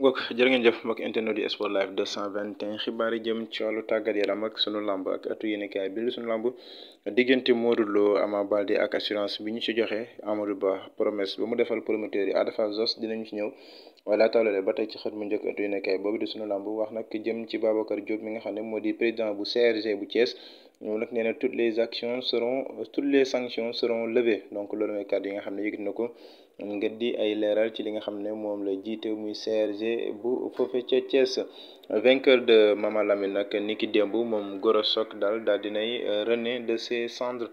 mbokk jërë ngeen jëf mbokk internet yi sport live 221 xibaar jëm ci wàllu tàggat yaram ak sunu lamb ak atu yéenekaay bi sunu lamb diggante Modou Lo Ama Baldé ak assurance bi ñu ci joxe Amadou Ba promesse ba mu defal promoteur yi Ada Fass Zoss dinañu ci ñëw wala taaloolee ba tey ci xët mu njëkk atu yéenekaay boobu di sunu lamb wax nag jëm ci Babacar Diop mi nga xam ne moo di président bu CRG bu Thiès ñoom nag nee na toutes les actions seront toutes les sanctions seront levées donc loolu mooy kàddu yi nga xam ne yëgit na ko ngir di ay leeral ci li nga xam ne moom la jiite muy CRG bu foofe ca vainqueur de Mama Lamine nag ni ki démb moom goro Sock daal daal dinay euh, renaître de ses cendres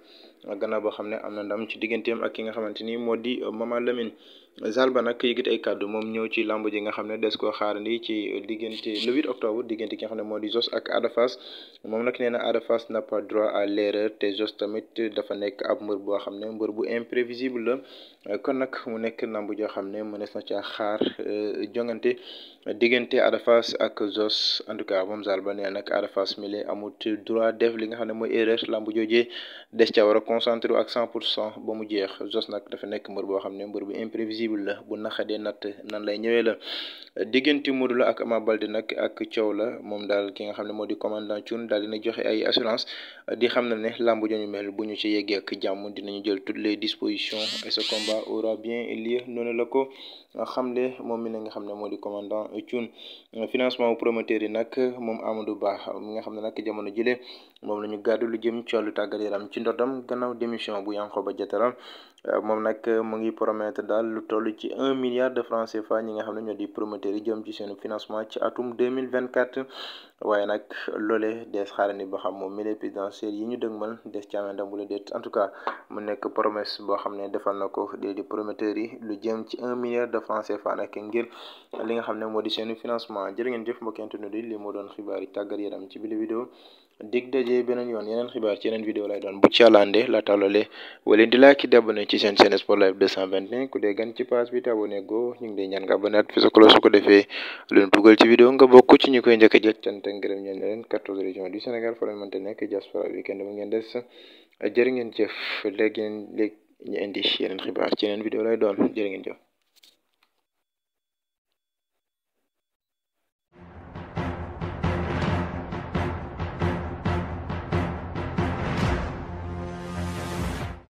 gannaaw boo xam ne am na ndam ci digganteem ak ki nga xamante ni moo di euh, Mama Lamine Zalba nag yëgit ay kàddu moom ñëw ci lamb ji nga xam ne des koo xaarandi ci diggante le 8 octobre diggante ki nga xam ne moo di ak Ada moom nag nee na Ada Fass n'a pas droit à l'erreur te Zoss tamit dafa nekk ab mbër boo xam ne mbër bu imprévisible la kon nag mu nekk lamb joo xam ne mënees na caa xaar euh, jongante diggante Ada ak Zoss sos en tout cas moom Zalba nee nag Ada mooy erreur lamb joojee des ca war a ba mu jeex Zoss nag dafa nekk mbër boo xam ne mbër bu imprévisible la bu naxadee natt nan lay ñëwee la diggante Modou Lo ak Ama Baldé nag ak coow la moom daal ki nga xam ne moo di commandant Thioune daal dina joxe ay assurance di xam ne ne lamb jooju mel bu ñu ci yeggee ak jàmm dinañu jël toutes les dispositions et ce combat la ko xam le moom mi ne nga xam ne moo di commandant Thioune financement promoteur yi nag moom Amadou Ba mi nga xam ne nag jamono jile moom la ñu gàddu lu jëm ci wàllu tàggat ci ndodam gannaaw démission bu Yankhoba Diattara euh, moom nag mu ngi promettre daal lu toll ci un milliard de francs CFA ñi nga xam ne ñoo di promoteur yi jëm ci seen financement ci atum deux mille vingt quatre waaye nag loole des xaarandi ba xam moom mille présidentielle yi ñu dëgmal des ci amee ndam wala déet en tout cas mu nekk promesse boo xam ne defal na ko di prometteur yi lu jëm ci un milliard de francs CFA nag ngir li nga xam ne moo di seeni financement jërë ngeen jëf mbokk internet yi li moo doon xibaar yi tàggat yaram ci bile vidéo dig daje beneen yoon yeneen xibaar ci yeneen vidéo lay doon bu ci àllande la tàllale wala di laa ki ci seen seen sport live 221 ku dee gan ci page bi te abonné njëkk a jël cant ak ngërëm ñeen leen quatorze régions du Sénégal fa leen mënte nekk diaspora bi kenn mu ngeen des jërë ngeen jëf léegi léegi ñu indi yeneen xibaar ci yeneen vidéo lay doon jërë ngeen jëf